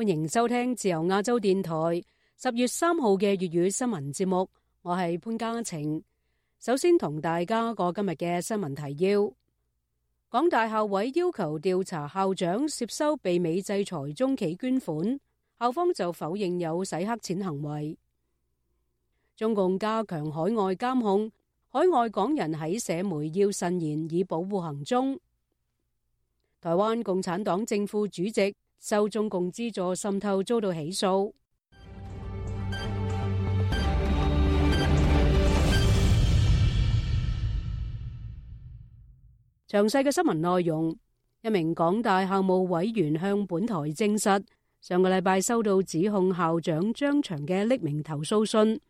歡迎收聽自由亞洲電台十月三號嘅粵語新聞節目，我係潘家晴。首先同大家過今日嘅新聞提要：港大校委要求調查校長涉收被美制裁中企捐款，校方就否認有洗黑錢行為。中共加強海外監控，海外港人喺社媒要慎言以保護行蹤。台灣共產黨正副主席。受中共資助滲透遭到起訴。詳細嘅新聞內容，一名港大校務委員向本台證實，上個禮拜收到指控校長張翔嘅匿名投訴信。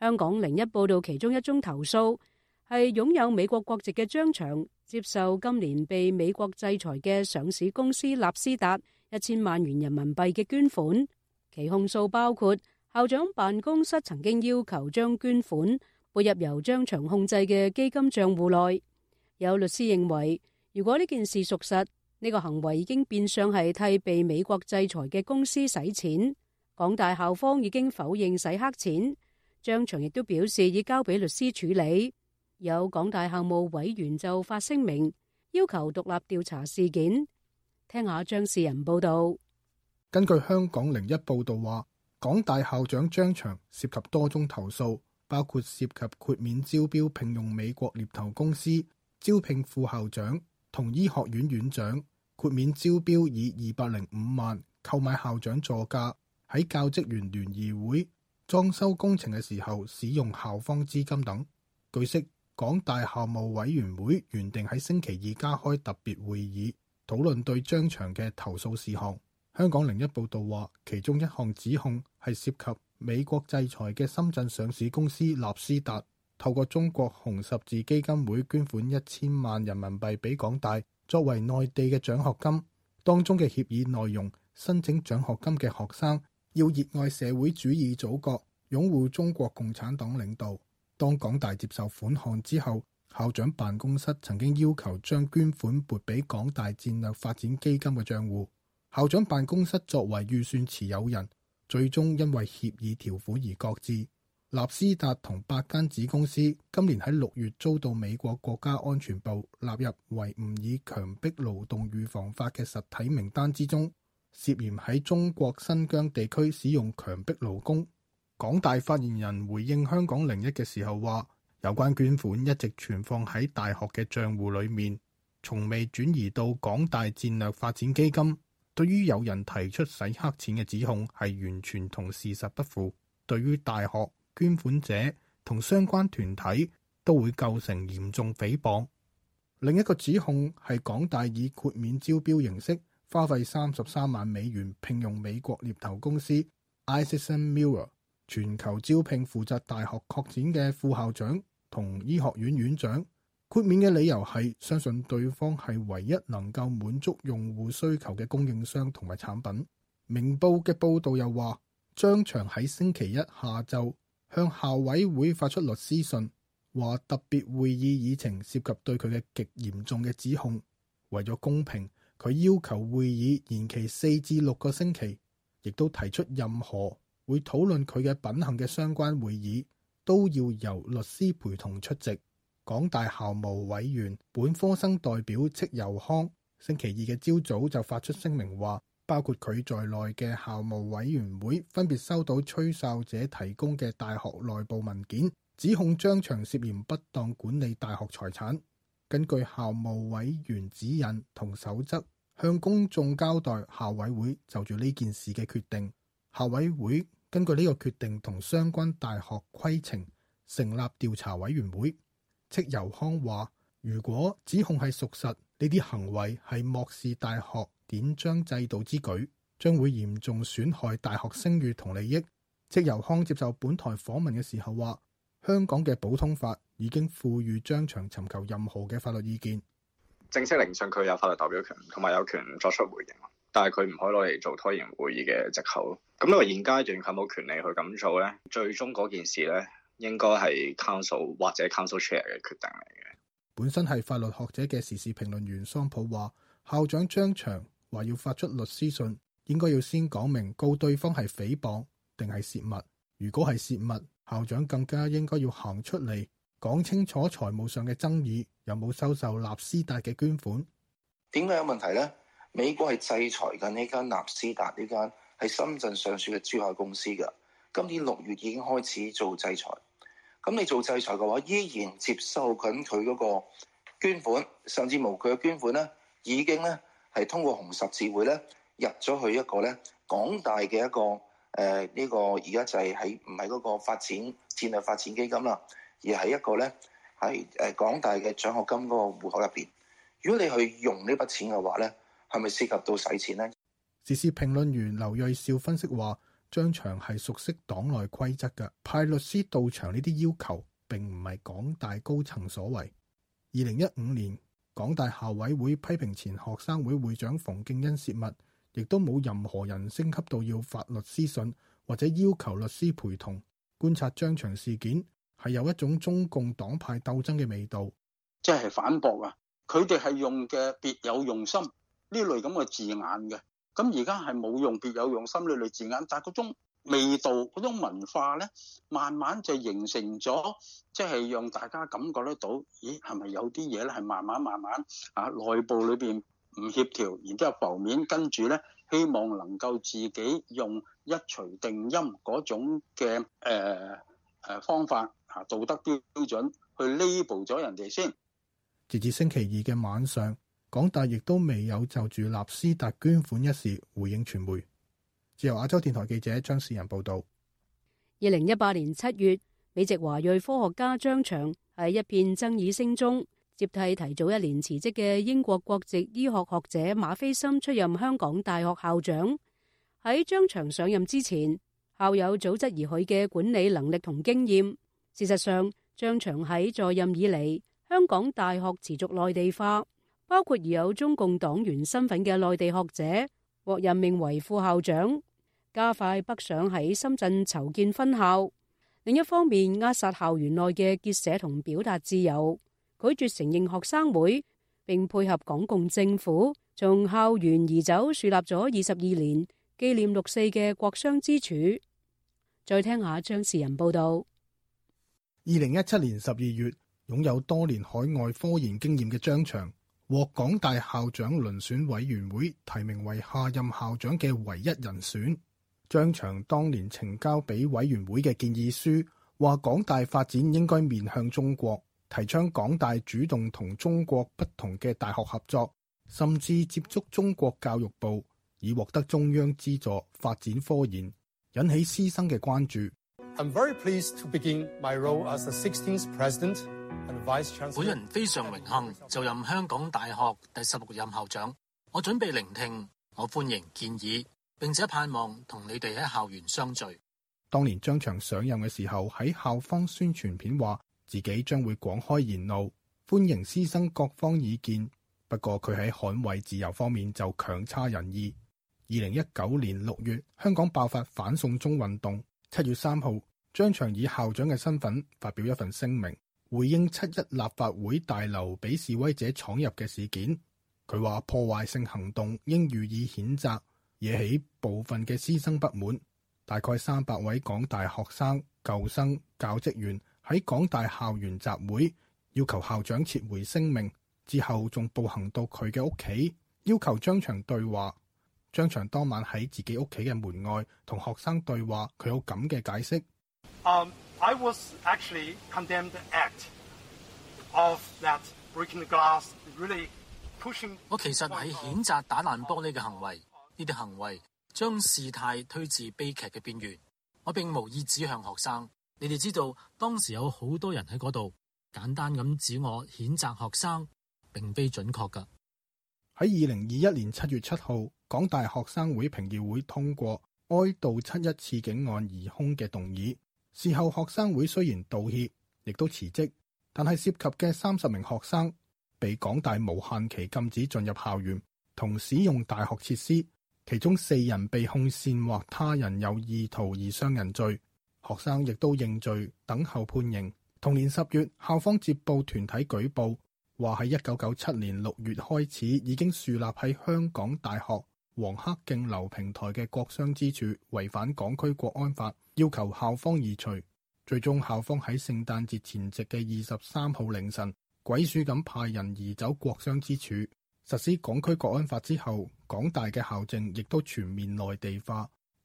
香港零一報道，其中一宗投訴係擁有美國國籍嘅張翔接受今年被美國制裁嘅上市公司納斯達。一千萬元人民幣嘅捐款，其控訴包括校長辦公室曾經要求將捐款撥入由張翔控制嘅基金賬戶內。有律師認為，如果呢件事屬實，呢個行為已經變相係替被美國制裁嘅公司洗錢。港大校方已經否認洗黑錢，張翔亦都表示已交俾律師處理。有港大校務委員就發聲明，要求獨立調查事件。聽下張士仁報道，根據香港零一報道話，港大校長張翔涉及多宗投訴，包括涉及豁免招標聘用美國獵頭公司、招聘副校長同醫學院院長、豁免招標以二百零五萬購買校長座駕、喺教職員聯誼會裝修工程嘅時候使用校方資金等。據悉，港大校務委員會原定喺星期二加開特別會議。討論對張翔嘅投訴事項。香港另一報道話，其中一項指控係涉及美國制裁嘅深圳上市公司納斯達透過中國紅十字基金會捐款一千萬人民幣俾港大，作為內地嘅獎學金，當中嘅協議內容，申請獎學金嘅學生要熱愛社會主義祖國，擁護中國共產黨領導。當港大接受款項之後。校長辦公室曾經要求將捐款撥俾港大戰略發展基金嘅賬戶。校長辦公室作為預算持有人，最終因為協議條款而擱置。納斯達同八間子公司今年喺六月遭到美國國家安全部納入維吾爾強迫勞動預防法嘅實體名單之中，涉嫌喺中國新疆地區使用強迫勞工。港大發言人回應香港零一嘅時候話。有關捐款一直存放喺大學嘅賬戶裏面，從未轉移到港大戰略發展基金。對於有人提出洗黑錢嘅指控，係完全同事實不符。對於大學捐款者同相關團體，都會構成嚴重誹謗。另一個指控係港大以豁免招標形式，花費三十三萬美元聘用美國獵頭公司 Isaacson Miller 全球招聘，負責大學擴展嘅副校長。同醫學院院長豁免嘅理由係相信對方係唯一能夠滿足用戶需求嘅供應商同埋產品。明報嘅報道又話，張翔喺星期一下晝向校委會發出律師信，話特別會議議程涉及對佢嘅極嚴重嘅指控，為咗公平，佢要求會議延期四至六個星期，亦都提出任何會討論佢嘅品行嘅相關會議。都要由律師陪同出席。港大校務委員、本科生代表戚尤康星期二嘅朝早就發出聲明話，包括佢在內嘅校務委員會分別收到吹哨者提供嘅大學內部文件，指控張翔涉嫌不當管理大學財產。根據校務委員指引同守則，向公眾交代校委會就住呢件事嘅決定。校委會。根據呢個決定同相關大學規程成立調查委員會，戚尤康話：如果指控係屬實，呢啲行為係漠視大學典章制度之舉，將會嚴重損害大學聲譽同利益。戚尤康接受本台訪問嘅時候話：香港嘅普通法已經賦予張翔尋求任何嘅法律意見。正式聆訊佢有法律代表權，同埋有，有權作出回應。但係佢唔可以攞嚟做拖延會議嘅藉口。咁因為現階段佢冇權力去咁做呢，最終嗰件事呢應該係 council 或者 council chair 嘅決定嚟嘅。本身係法律學者嘅時事評論員桑普話：校長張翔話要發出律師信，應該要先講明告對方係誹謗定係泄密。如果係泄密，校長更加應該要行出嚟講清楚財務上嘅爭議，有冇收受納斯達嘅捐款？點解有問題呢？美國係制裁緊呢間納斯達呢間喺深圳上市嘅珠海公司㗎。今年六月已經開始做制裁。咁你做制裁嘅話，依然接受緊佢嗰個捐款，甚至無佢嘅捐款咧，已經咧係通過紅十字會咧入咗去一個咧港大嘅一個誒呢、呃這個而家就係喺唔係嗰個發展戰略發展基金啦，而係一個咧喺誒港大嘅獎學金嗰個戶口入邊。如果你去用呢筆錢嘅話咧，係咪涉及到洗錢呢？時事評論員劉銳紹分析話：張翔係熟悉黨內規則嘅，派律師到場呢啲要求，並唔係港大高層所為。二零一五年，港大校委會批評前學生會會長馮敬恩泄密，亦都冇任何人升級到要發律師信，或者要求律師陪同觀察張翔事件，係有一種中共黨派鬥爭嘅味道，即係反駁啊！佢哋係用嘅別有用心。呢類咁嘅字眼嘅，咁而家係冇用，別有用心呢類字眼，但係嗰種味道、嗰種文化咧，慢慢就形成咗，即係讓大家感覺得到，咦，係咪有啲嘢？咧，係慢慢慢慢啊，內部裏邊唔協調，然之後浮面，跟住咧，希望能夠自己用一錘定音嗰種嘅誒誒方法啊，道德標標準去 label 咗人哋先，截至星期二嘅晚上，港大亦都未有就住納斯達捐款一事回應傳媒。自由亞洲電台記者張士仁報道，二零一八年七月，美籍華裔科學家張翔喺一片爭議聲中接替提早一年辭職嘅英國國籍醫學學，學者馬斐森出任香港大學校長。喺張翔上任之前，校友組織質疑佢嘅管理能力同經驗。事實上，張翔喺在，在任以嚟，香港大學持續內地化。包括已有中共黨員身份嘅內地學者獲任命為副校長，加快北上喺深圳籌建分校；另一方面，扼殺校園內嘅結社同表達自由，拒絕承認學生會，並配合港共政府從校園移走樹立咗二十二年紀念六四嘅國殤之柱。再聽下張士仁報道：二零一七年十二月，擁有多年海外科研經驗嘅張翔獲港大校長遴選委員會提名為下任校長嘅唯一人選張翔當年呈交俾委員會嘅建議書，話港大發展應該面向中國，提倡港大主動同中國不同嘅大學合作，甚至接觸中國教育部，以獲得中央資助發展科研，引起師生嘅關注。I'm very pleased to begin my role as the 16th president. 本人非常榮幸就任香港大學第十六任校長。我準備聆聽，我歡迎建議，並且盼望同你哋喺校園相聚。當年張翔上任嘅時候，喺校方宣傳片話自己將會廣開言路，歡迎師生各方意見。不過佢喺捍衛自由方面就強差人意。二零一九年六月，香港爆發反送中運動。七月三號，張翔以校長嘅身份發表一份聲明。回應七一立法會大樓俾示威者闖入嘅事件，佢話破壞性行動應予以譴責，惹起部分嘅師生不滿。大概三百位港大學生、舊生、教職員喺港大校園集會，要求校長撤回聲明。之後仲步行到佢嘅屋企，要求張翔對話。張翔當晚喺自己屋企嘅門外同學生對話，佢有咁嘅解釋。Um 我其實係譴責打爛玻璃嘅行為，呢啲行為將事態推至悲劇嘅邊緣。我並無意指向學生，你哋知道當時有好多人喺嗰度。簡單咁指我譴責學生，並非準確㗎。喺二零二一年七月七號，港大學生會評議會通過哀悼七一刺警案疑兇嘅動議。事後學生會雖然道歉，亦都辭職，但係涉及嘅三十名學生被港大無限期禁止進入校園同使用大學設施，其中四人被控煽惑他人有意圖而傷人罪，學生亦都認罪，等候判刑。同年十月，校方接報團體舉報，話喺一九九七年六月開始已經樹立喺香港大學。黃黑敬流平台嘅國殤之柱，違反港區國安法，要求校方移除。最終校方喺聖誕節前夕嘅二十三號凌晨，鬼鼠咁派人移走國殤之柱。實施港區國安法之後，港大嘅校政亦都全面內地化。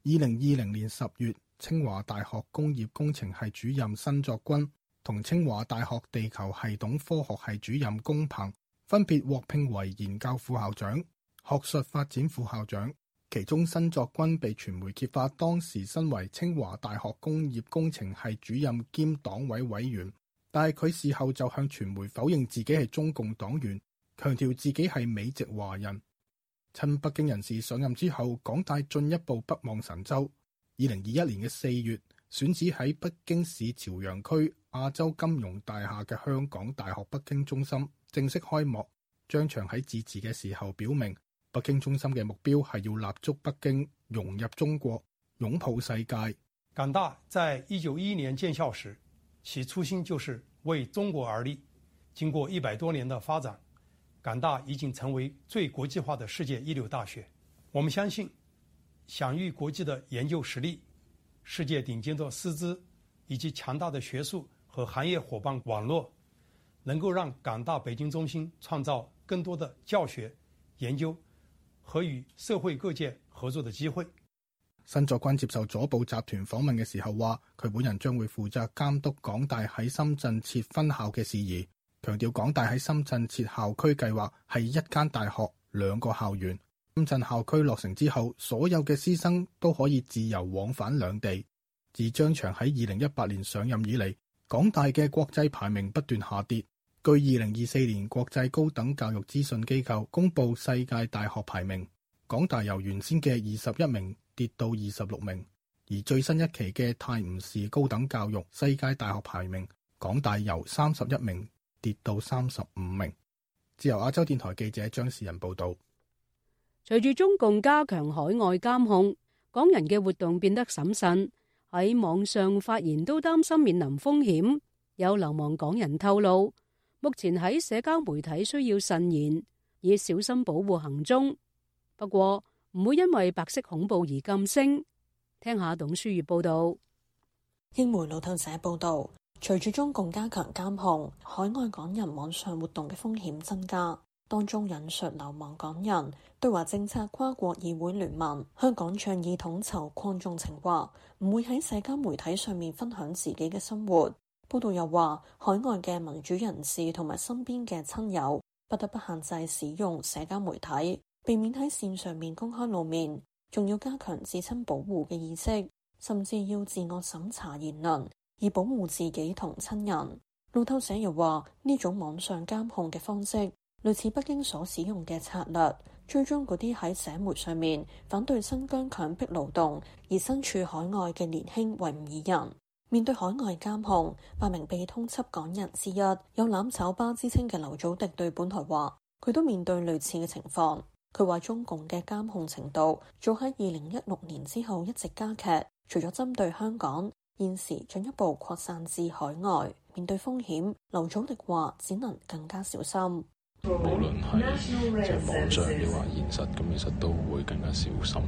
二零二零年十月，清華大學工業工程系主任申作軍同清華大學地球系統科學系主任宮鵬分別獲聘為研究副校長學術發展副校長，其中申作軍被傳媒揭發，當時身為清華大學工業工程係主任兼黨委委員，但係佢事後就向傳媒否認自己係中共黨員，強調自己係美籍華人。趁北京人士上任之後，港大進一步北望神州。二零二一年嘅四月，選址喺北京市朝陽區亞洲金融大廈嘅香港大學北京中心正式開幕。張翔喺致辭嘅時候表明。北京中心嘅目標係要立足北京，融入中國，擁抱世界。港大在一九一一年建校時，其初心就是為中國而立。經過一百多年的發展，港大已經成為最國際化嘅世界一流大學。我們相信，享譽國際的研究實力、世界頂尖的師資以及強大的學術和行業伙伴網絡，能夠讓港大北京中心創造更多的教學、研究。可與社會各界合作的機會。申作軍接受左報集團訪問嘅時候話，佢本人將會負責監督港大喺深圳設分校嘅事宜，強調港大喺深圳設校區計劃係一間大學兩個校園。深圳校區落成之後所有嘅師生都可以自由往返兩地。自張翔喺二零一八年上任以嚟，港大嘅國際排名不斷下跌。據二零二四年國際高等教育資訊機構公布世界大學排名，港大由原先嘅二十一名跌到二十六名，而最新一期嘅泰晤士高等教育世界大學排名，港大由三十一名跌到三十五名。自由亞洲電台記者張士仁報道。隨住中共加強海外監控，港人嘅活動變得審慎，喺網上發言都擔心面臨風險。有流亡港人透露。目前喺社交媒體需要慎言，以小心保護行蹤。不過唔會因為白色恐怖而禁聲。聽下董書月報道。英媒路透社報道，隨住中共加強監控，海外港人網上活動嘅風險增加。當中引述流亡港人對華政策跨國議會聯盟、香港倡議統籌鄺頌晴，唔會喺社交媒體上面分享自己嘅生活。報道又話，海外嘅民主人士同埋身邊嘅親友，不得不限制使用社交媒體，避免喺線上面公開露面，仲要加強自身保護嘅意識，甚至要自我審查言論，以保護自己同親人。路透社又話，呢種網上監控嘅方式，類似北京所使用嘅策略，追蹤嗰啲喺社媒上面反對新疆強迫勞動而身處海外嘅年輕維吾爾人。面對海外監控，八名被通緝港人之一，有攬炒巴之稱嘅劉祖迪對本台話，佢都面對類似嘅情況。佢話中共嘅監控程度早喺二零一六年之後一直加劇，除咗針對香港，現時進一步擴散至海外。面對風險，劉祖迪話只能更加小心。無論係即係網上，你話現實咁，其實都會更加小心。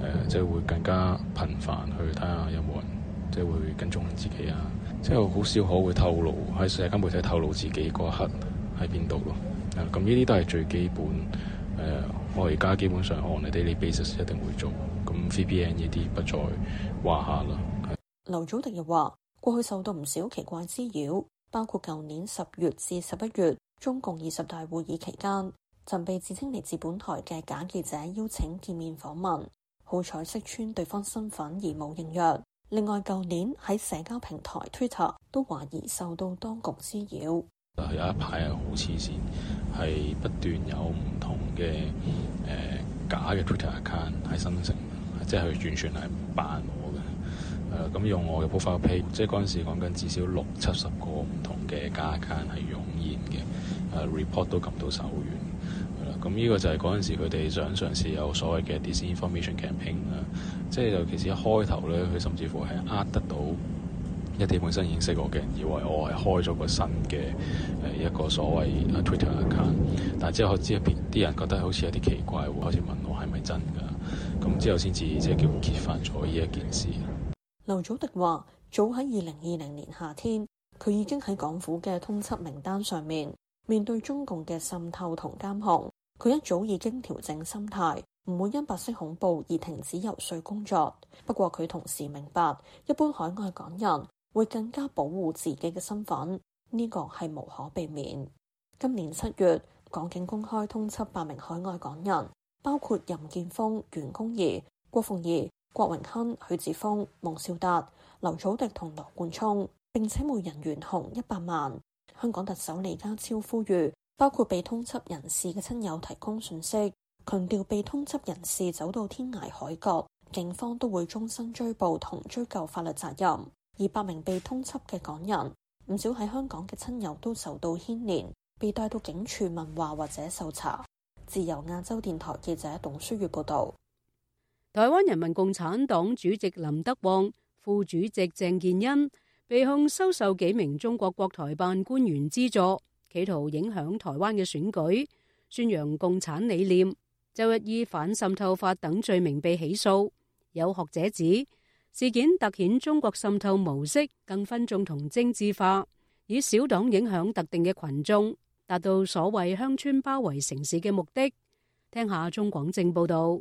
呃，即係會更加頻繁去睇下有冇人。即係會跟蹤自己啊，即係好少可會透露喺社交媒體透露自己嗰一刻喺邊度咯。啊，咁呢啲都係最基本誒。我而家基本上 on a daily basis 一定會做咁 VPN 呢啲不再話下啦。劉祖迪又話：過去受到唔少奇怪滋擾，包括舊年十月至十一月中共二十大會議期間，曾被自稱嚟自本台嘅假記者邀請見面訪問，好彩識穿對方身份而冇應約。另外，舊年喺社交平台 Twitter 都懷疑受到當局滋擾。有一排係好黐線，係不斷有唔同嘅誒假嘅 Twitter account 喺生成，即係佢完全係扮我嘅。誒、嗯、咁用我嘅 profile picture 即係嗰陣時講緊至少六七十個唔同嘅假 account 係湧現嘅。誒、啊、report 都撳到手軟。係、嗯、啦，咁呢個就係嗰陣時佢哋想嘗試有所謂嘅 disinformation campaign 啦。即係尤其是一開頭咧，佢甚至乎係呃得到一啲本身認識我嘅人，以為我係開咗個新嘅誒一個所謂 Twitter account，但之後我知入邊啲人覺得好似有啲奇怪喎，開始問我係咪真㗎，咁之後先至即係叫揭發咗呢一件事。劉祖迪話：早喺二零二零年夏天，佢已經喺港府嘅通緝名單上面，面對中共嘅滲透同監控，佢一早已經調整心態。唔會因白色恐怖而停止遊說工作。不過佢同時明白，一般海外港人會更加保護自己嘅身份，呢、這個係無可避免。今年七月，港警公開通緝八名海外港人，包括任建峰、袁弓夷、郭鳳儀、郭榮鏗、許智峯、蒙兆達、劉祖迪同羅冠聰，並且每人懸紅一百萬。香港特首李家超呼籲，包括被通緝人士嘅親友提供信息。強調被通緝人士走到天涯海角，警方都會終身追捕同追究法律責任。二百名被通緝嘅港人，唔少喺香港嘅親友都受到牽連，被帶到警署問話或者搜查。自由亞洲電台記者董書月報道：台灣人民共產黨主席林德旺、副主席鄭建恩被控收受幾名中國國台辦官員資助，企圖影響台灣嘅選舉，宣揚共產理念。周一以反滲透法等罪名被起訴，有學者指事件凸顯中國滲透模式更分眾同精致化，以小黨影響特定嘅群眾，達到所謂鄉村包圍城市嘅目的。聽下鍾廣政報道，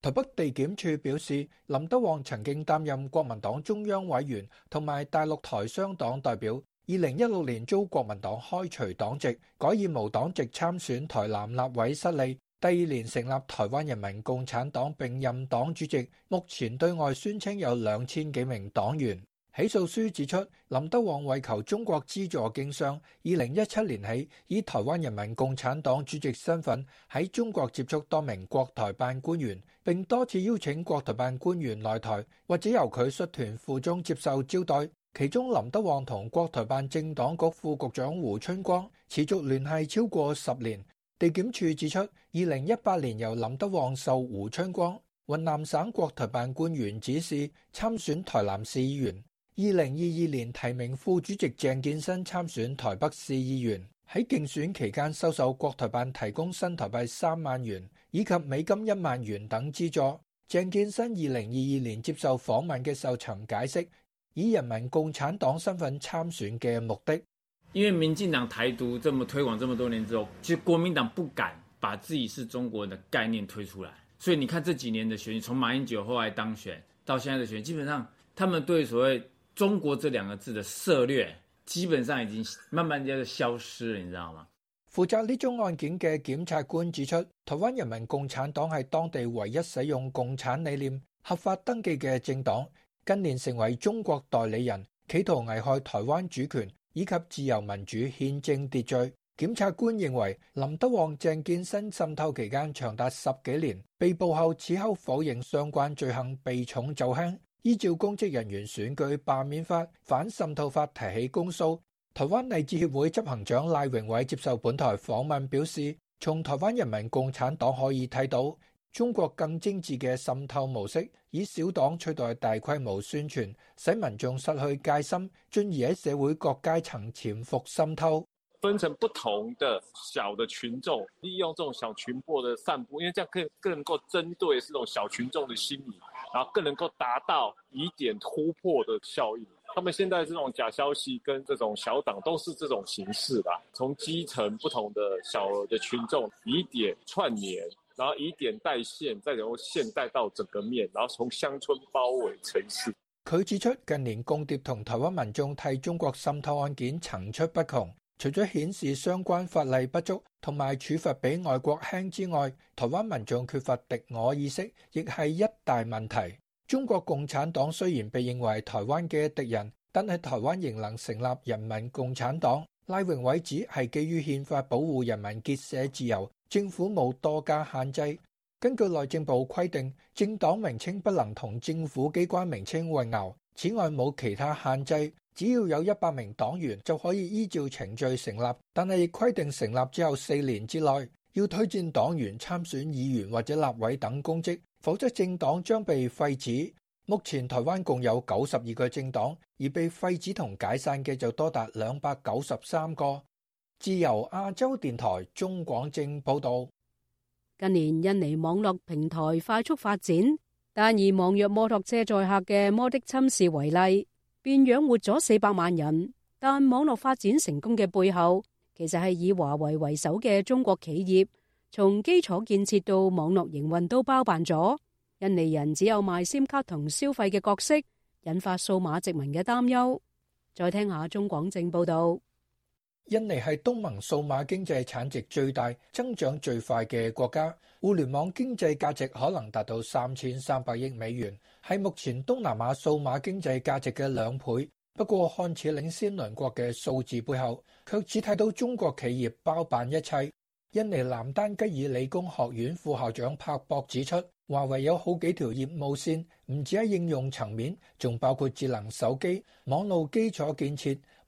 台北地檢署表示，林德旺曾經擔任國民黨中央委員同埋大陸台商黨代表，二零一六年遭國民黨開除黨籍，改以無黨籍參選台南立委失利。第二年成立台灣人民共產黨，並任黨主席，目前對外宣稱有兩千幾名黨員。起訴書指出，林德旺為求中國資助經商，二零一七年起以台灣人民共產黨主席身份喺中國接觸多名國台辦官員，並多次邀請國台辦官員來台或者由佢率團赴中接受招待。其中，林德旺同國台辦政黨局副局長胡春光持續聯繫超過十年。地檢署指出，二零一八年由林德旺受胡昌光雲南省國台辦官員指示參選台南市議員，二零二二年提名副主席鄭建新參選台北市議員，喺競選期間收受國台辦提供新台幣三萬元以及美金一萬元等資助。鄭建新二零二二年接受訪問嘅時候曾解釋，以人民共產黨身份參選嘅目的。因為民進黨台獨這麼推廣這麼多年之後，其實國民黨不敢把自己是中國人的概念推出來，所以你看這幾年的選舉，從馬英九後來當選到現在的選舉，基本上他們對所謂中國這兩個字的策略，基本上已經慢慢就消失了，你知道嗎？負責呢宗案件嘅檢察官指出，台灣人民共產黨係當地唯一使用共產理念合法登記嘅政黨，今年成為中國代理人，企圖危害台灣主權，以及自由民主憲政秩序，檢察官認為林德旺、鄭建新滲透期間長達十幾年，被捕後此後否認相關罪行，避重就輕。依照公職人員選舉罷免法、反滲透法提起公訴。台灣勵志協會執行長賴榮偉接受本台訪問表示，從台灣人民共產黨可以睇到。中國更精致嘅滲透模式，以小黨取代大規模宣傳，使民眾失去戒心，進而喺社會各階層潛伏滲透。分成不同的小的群眾，利用這種小群播的散布，因為這樣更更能夠針對這種小群眾的心理，然後更能夠達到以點突破的效應。他們現在這種假消息跟這種小黨都是這種形式啦，從基層不同的小的群眾以點串連。然後以點帶線，再由線帶到整個面，然後從鄉村包圍城市。佢指出近年共諜同台灣民眾替中國滲透案件層出不窮，除咗顯示相關法例不足同埋處罰比外國輕之外，台灣民眾缺乏敵我意識亦係一大問題。中國共產黨雖然被認為台灣嘅敵人，但係台灣仍能成立人民共產黨。拉榮偉指係基於憲法保護人民結社自由。政府冇多加限制，根據內政部規定，政黨名稱不能同政府機關名稱混淆。此外冇其他限制，只要有一百名黨員就可以依照程序成立。但係規定成立之後四年之內要推薦黨員參選議員或者立委等公職，否則政黨將被廢止。目前台灣共有九十二個政黨，而被廢止同解散嘅就多達兩百九十三個。自由亞洲電台中廣正報道：近年印尼網絡平台快速發展，但以網約摩托車載客嘅摩的侵士為例，便養活咗四百萬人。但網絡發展成功嘅背後，其實係以華為為首嘅中國企業，從基礎建設到網絡營運都包辦咗。印尼人只有賣 SIM 卡同消費嘅角色，引發數碼殖民嘅擔憂。再聽下中廣正報道。印尼係東盟數碼經濟產值最大、增長最快嘅國家，互聯網經濟價值可能達到三千三百億美元，係目前東南亞數碼經濟價值嘅兩倍。不過，看似領先鄰國嘅數字背後，卻只睇到中國企業包辦一切。印尼南丹吉爾理工學院副校長帕博指出，華為有好幾條業務線，唔止喺應用層面，仲包括智能手機、網絡基礎建設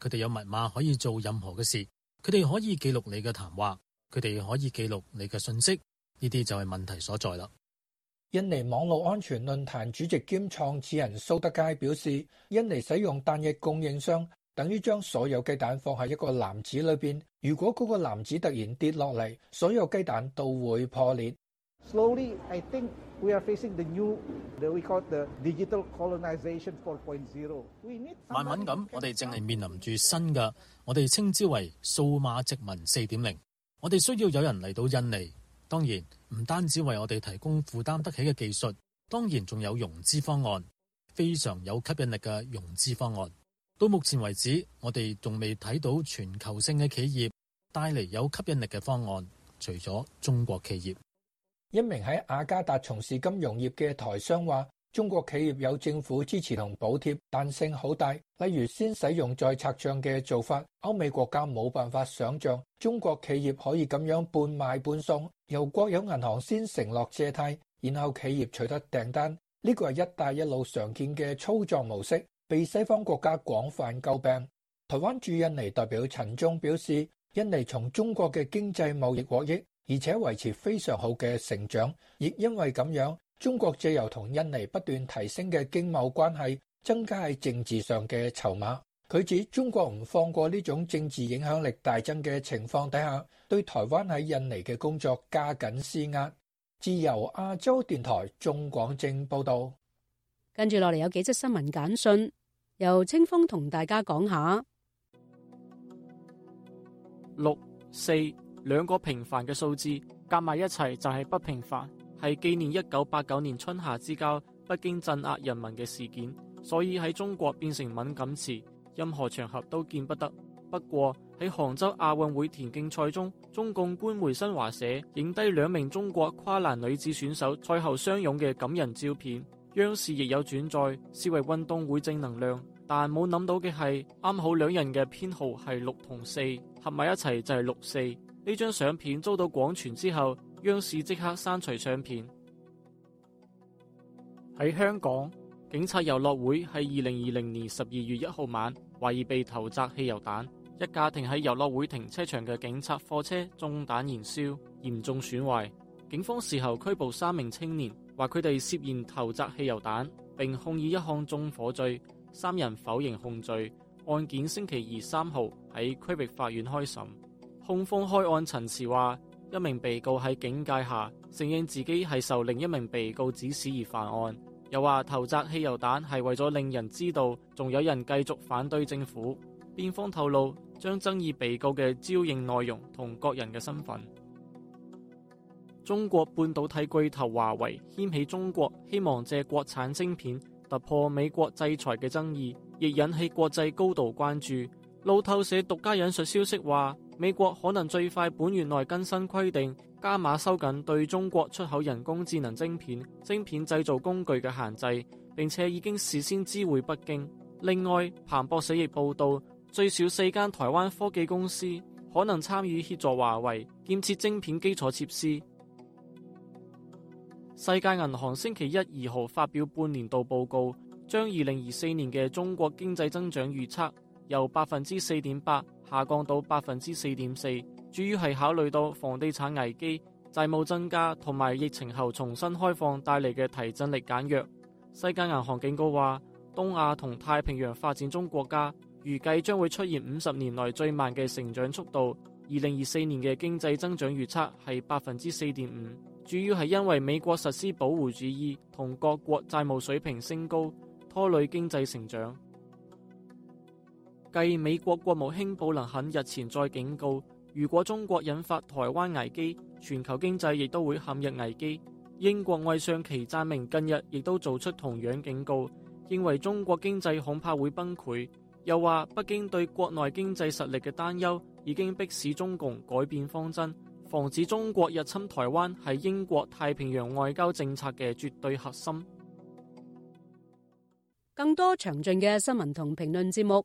佢哋有密碼可以做任何嘅事，佢哋可以記錄你嘅談話，佢哋可以記錄你嘅信息，呢啲就係問題所在啦。印尼網絡安全論壇主席兼創始人蘇德佳表示，印尼使用蛋液供應商等於將所有雞蛋放喺一個籃子裏邊，如果嗰個籃子突然跌落嚟，所有雞蛋都會破裂。We 慢慢咁 who can，我哋淨係面臨住新嘅，我哋稱之為數碼殖民四點零。我哋需要有人嚟到印尼，當然唔單止為我哋提供負擔得起嘅技術，當然仲有融資方案，非常有吸引力嘅融資方案。到目前為止，我哋仲未睇到全球性嘅企業帶嚟有吸引力嘅方案，除咗中國企業。一名喺雅加達從事金融業嘅台商話：中國企業有政府支持同補貼，彈性好大。例如先使用再拆賬嘅做法，歐美國家冇辦法想象中國企業可以咁樣半賣半送，由國有銀行先承諾借貸，然後企業取得訂單。呢個係一帶一路常見嘅操作模式，被西方國家廣泛詬病。台灣駐印尼代表陳忠表示：印尼從中國嘅經濟貿易獲益。而且維持非常好嘅成長，亦因為咁樣，中國借由同印尼不斷提升嘅經貿關係，增加喺政治上嘅籌碼。佢指中國唔放過呢種政治影響力大增嘅情況底下，對台灣喺印尼嘅工作加緊施壓。自由亞洲電台鍾廣正報道。跟住落嚟有幾則新聞簡訊，由清風同大家講下六四。兩個平凡嘅數字夾埋一齊就係不平凡，係紀念一九八九年春夏之交北京鎮壓人民嘅事件，所以喺中國變成敏感詞，任何場合都見不得。不過喺杭州亞運會田徑賽中，中共官媒新華社影低兩名中國跨欄女子選手賽後相擁嘅感人照片，央視亦有轉載，視為運動會正能量。但冇諗到嘅係，啱好兩人嘅編號係六同四，合埋一齊就係六四。呢張相片遭到廣傳之後，央視即刻刪除相片。喺香港，警察遊樂會喺二零二零年十二月一號晚，懷疑被投擲汽油彈，一架停喺遊樂會停車場嘅警察貨車中彈燃燒，嚴重損壞。警方事後拘捕三名青年，話佢哋涉嫌投擲汽油彈，並控以一項縱火罪。三人否認控罪，案件星期二三號喺區域法院開審。控方開案陳詞話，一名被告喺警戒下承認自己係受另一名被告指使而犯案，又話投擲汽油彈係為咗令人知道仲有人繼續反對政府。辯方透露將爭議被告嘅招認內容同各人嘅身份。中國半導體巨頭華為掀起中國希望借國產晶片突破美國制裁嘅爭議，亦引起國際高度關注。路透社獨家引述消息話。美國可能最快本月內更新規定，加碼收緊對中國出口人工智能晶片、晶片製造工具嘅限制，並且已經事先知會北京。另外，彭博社亦報道，最少四間台灣科技公司可能參與協助華為建設晶片基礎設施。世界銀行星期一二號發表半年度報告，將二零二四年嘅中國經濟增長預測由百分之四點八。下降到百分之四點四，主要係考慮到房地產危機、債務增加同埋疫情後重新開放帶嚟嘅提振力減弱。世界銀行警告話，東亞同太平洋發展中國家預計將會出現五十年來最慢嘅成長速度。二零二四年嘅經濟增長預測係百分之四點五，主要係因為美國實施保護主義同各國債務水平升高拖累經濟成長。繼美國國務卿布林肯日前再警告，如果中國引發台灣危機，全球經濟亦都會陷入危機。英國外相祁湛明近日亦都做出同樣警告，認為中國經濟恐怕會崩潰。又話北京對國內經濟實力嘅擔憂，已經迫使中共改變方針，防止中國入侵台灣係英國太平洋外交政策嘅絕對核心。更多詳盡嘅新聞同評論節目。